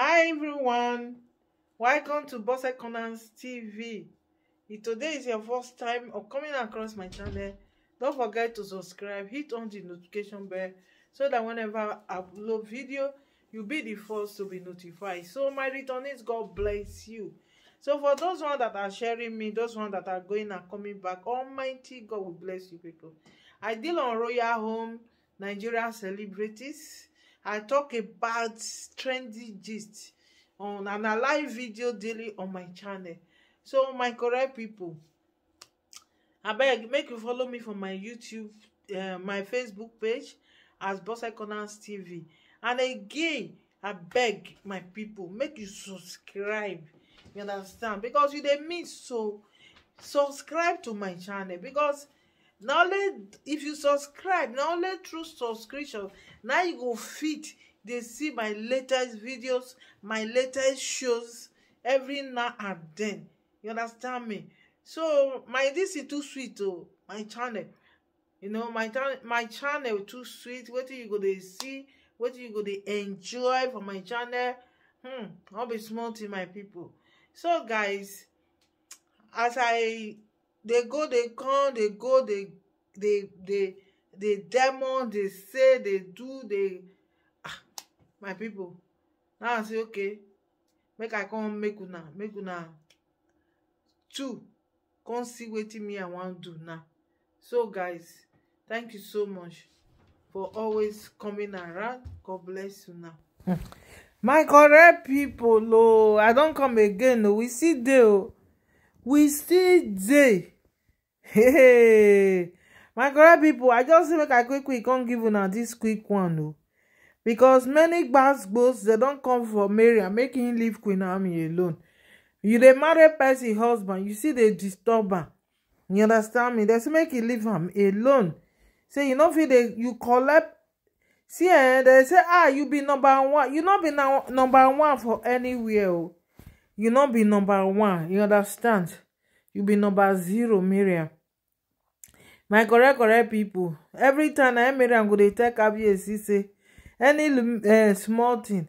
Hi everyone, welcome to Boss Corners TV. If today is your first time of coming across my channel, don't forget to subscribe, hit on the notification bell so that whenever I upload video, you'll be the first to be notified. So my returnees, God bless you. So for those one that are sharing me, those one that are going and coming back, Almighty God will bless you people. I deal on Royal Home Nigeria Celebrities. I talk about trendy gist on an alive video daily on my channel. So my correct people, I beg make you follow me for my YouTube, uh, my Facebook page as Boss Economics TV. And again, I beg my people, make you subscribe. You understand? Because you dey miss so subscribe to my channel because na only if you subscribe na only through subscription na you go fit dey see my latest videos my latest shows every now and then you understand me so my this is too sweet o oh, my channel you know my my channel too sweet wetin you go dey see wetin you go dey enjoy for my channel hmm no be small thing my people so guys as i They go they come they go they they they they demon they say they do they. ah my people, now i say okay make i come make una make una two come see wetin me i wan do now so guys thank you so much for always coming around god bless you now hmm. my correct people, oh, i don come again o oh. we still dey o oh. we still dey hey my correct people! i just say make i quick quick come give una this quick one o oh. because many gbasgbos dem don come for Maria, and make him leave queen army alone you dey marry person husband you still dey disturb am you understand me dem say make you leave am alone say you no fit dey you collect see eh dem say ah you be number one you no be number one for anywhere o oh. you no be number one you understand you be number zero miriam my correct correct people. Every time na miriam go dey tell kabiyesi say any eh, small thing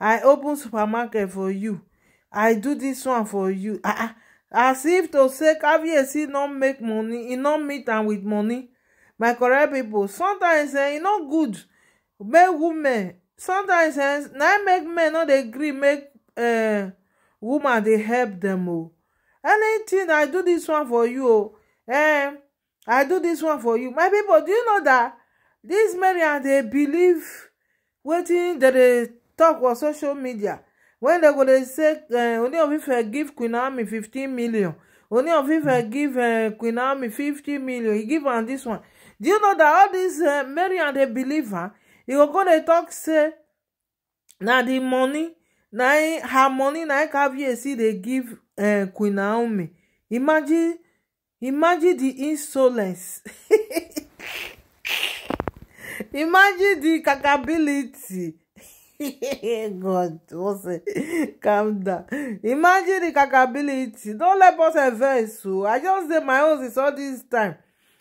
i open supermarket for you i do this one for you ah, ah, as if to say kabiyesi e no make money e no meet am with money my correct people. sometimes eh, e no good make women sometimes eh, na make men no dey gree make woman dey help them. o anything i do this one for you o eh i do this one for you my people. do you know that dat Mary and they believe waiting that they talk on social media when they go they say eh, only of ife give queen army 15 million only of ife hmm. give eh, queen army 50 million e give on this one do you know that all dis eh, marian ah, dey believe am e go go dey tok say na the money na her money na caviar see they give queen naomi imagine Imagine the insolence. Imagine the capability. God, what's it? Calm down. Imagine the capability. Don't let us advance. So I just did my own this all this time.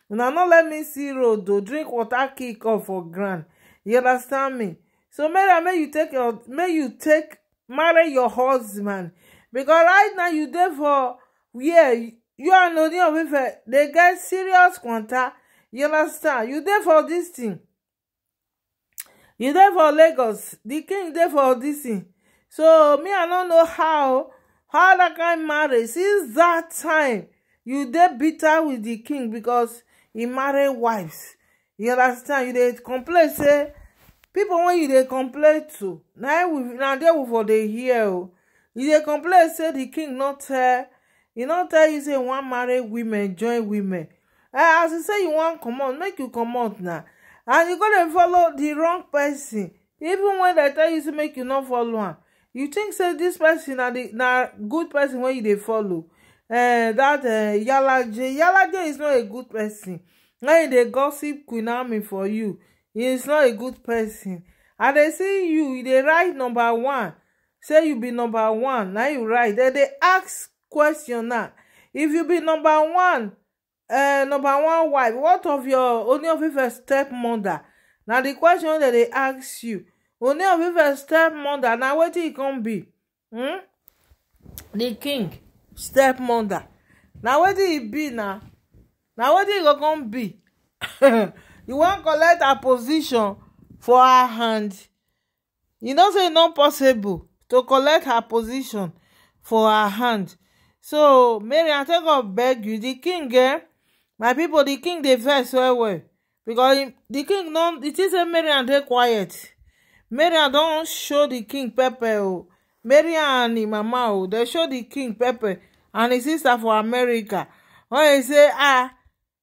Now, not let me see road though. Drink water, kick off for grand. You understand me? So, Mary, may you take your, may you take, marry your husband. Because right now you there for, yeah, you and Ooni of Ife dey get serious Quanta, you understand you there for this thing you there for Lagos the king there for this thing so me i don't know how how that guy married since that time you there bitter with the king because he married wives you understand you there complain say people wey you dey complain too to now there we for dey hear you there complain say the king no tell You no tell you say you wan marry women join women eh as you say you want come on make you come comot now. and you gonna follow the wrong person even when they tell you to make you not follow one. you think say this person are the na good person wey you they follow eh dat eh, yalaje yalaje is not a good person Now they gossip queen army for you he is not a good person And they see you they dey write number one say you be number one now you write dem they ask question now if you be number one uh, number one wife what of your only of your stepmother Now the question that they ask you only of Ife stepmother na wetin e come be hmm? the king stepmother na do e be Now na wetin e go come be you wan collect a position for her hand you know say e possible to collect her position for her hand so mariam take god beg you di king eh my people. The king they vex well well because the king don't. It is a Mary and they quiet mariam don't show the king pepper o oh. mariam and im mama oh, they show the king pepper and im sister for america When e say ah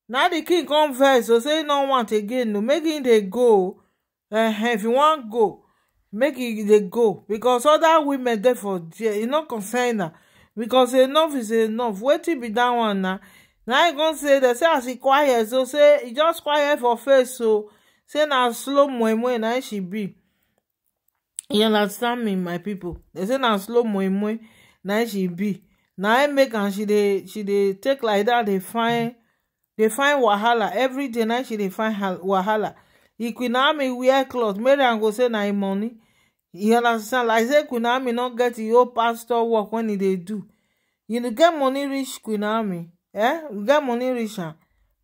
now the king come vex o say no want again No make im dey go uh, if you want go make e dey go becos oda women there for there e no concern her because enough is enough wetin be dat one now? Now im come say they say as e quiet so say e just quiet for face so say now slow moimoi na im she be you understand me my people. They say now slow moimoi na im she be Now I make and she she dey take like that. They find they find wahala every day Now she dey find wahala e now army wear clothes, mary I go say now money you understand like say queen naomi not get your pastor work when they do you get money reach queen naomi eh you get money reach am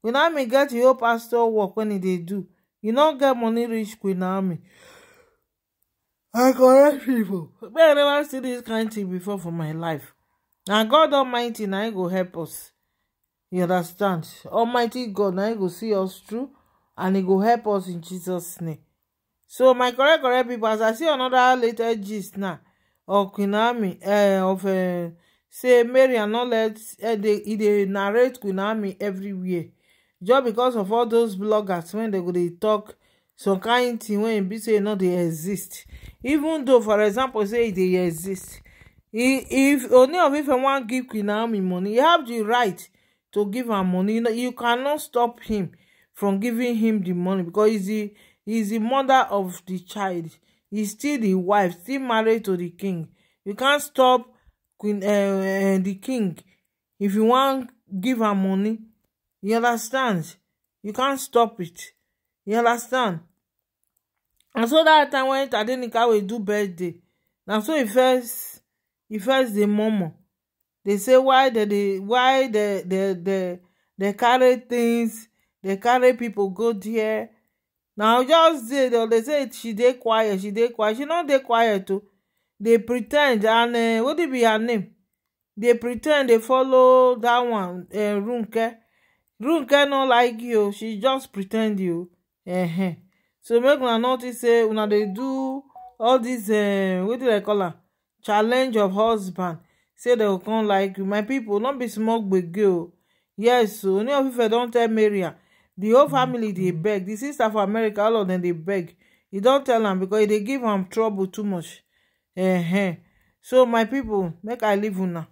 queen naomi get your pastor work when they do you not get money reach queen naomi i correct people. i never see dis kain thing before for my life na god almighty na im go help us you understand almighty god na im go see us through and e go help us in jesus name so my correct correct people, as i see another later gist now of queen army eh, of eh, say marian no let they, they narrate queen army everywhere just because of all those bloggers when they go they talk some kind thing. When be say no they exist even though for example say they exist if only of if wan give queen army money you have the right to give am money you cannot stop him from giving him the money becos e is the mother of the child is still the wife still married to the king you can't stop queen uh, uh, the king if you want give her money you understand you can't stop it you understand and so that time when Tadenika wey do birthday na so e first e first the mama, they say why dem dey why dem dey dey dey carry things they carry people go there Now just they they always say she dey quiet she dey quiet she not dey quiet too, oh. they pretend and uh, what be her name They pretend they follow that one uh, runke runke not like you oh. she just pretend you uh -huh. so make una notice say eh, una dey do all dis uh, do dem call her? challenge of husband say they go come like you my people no be smoke with o yes o oh. Ooni of Ife don tell Maria. Ah, The whole family they mm-hmm. beg di sister for america all of dem dey beg You don't tell them because they e give them trouble too much Uh -huh. so my people, make i leave now.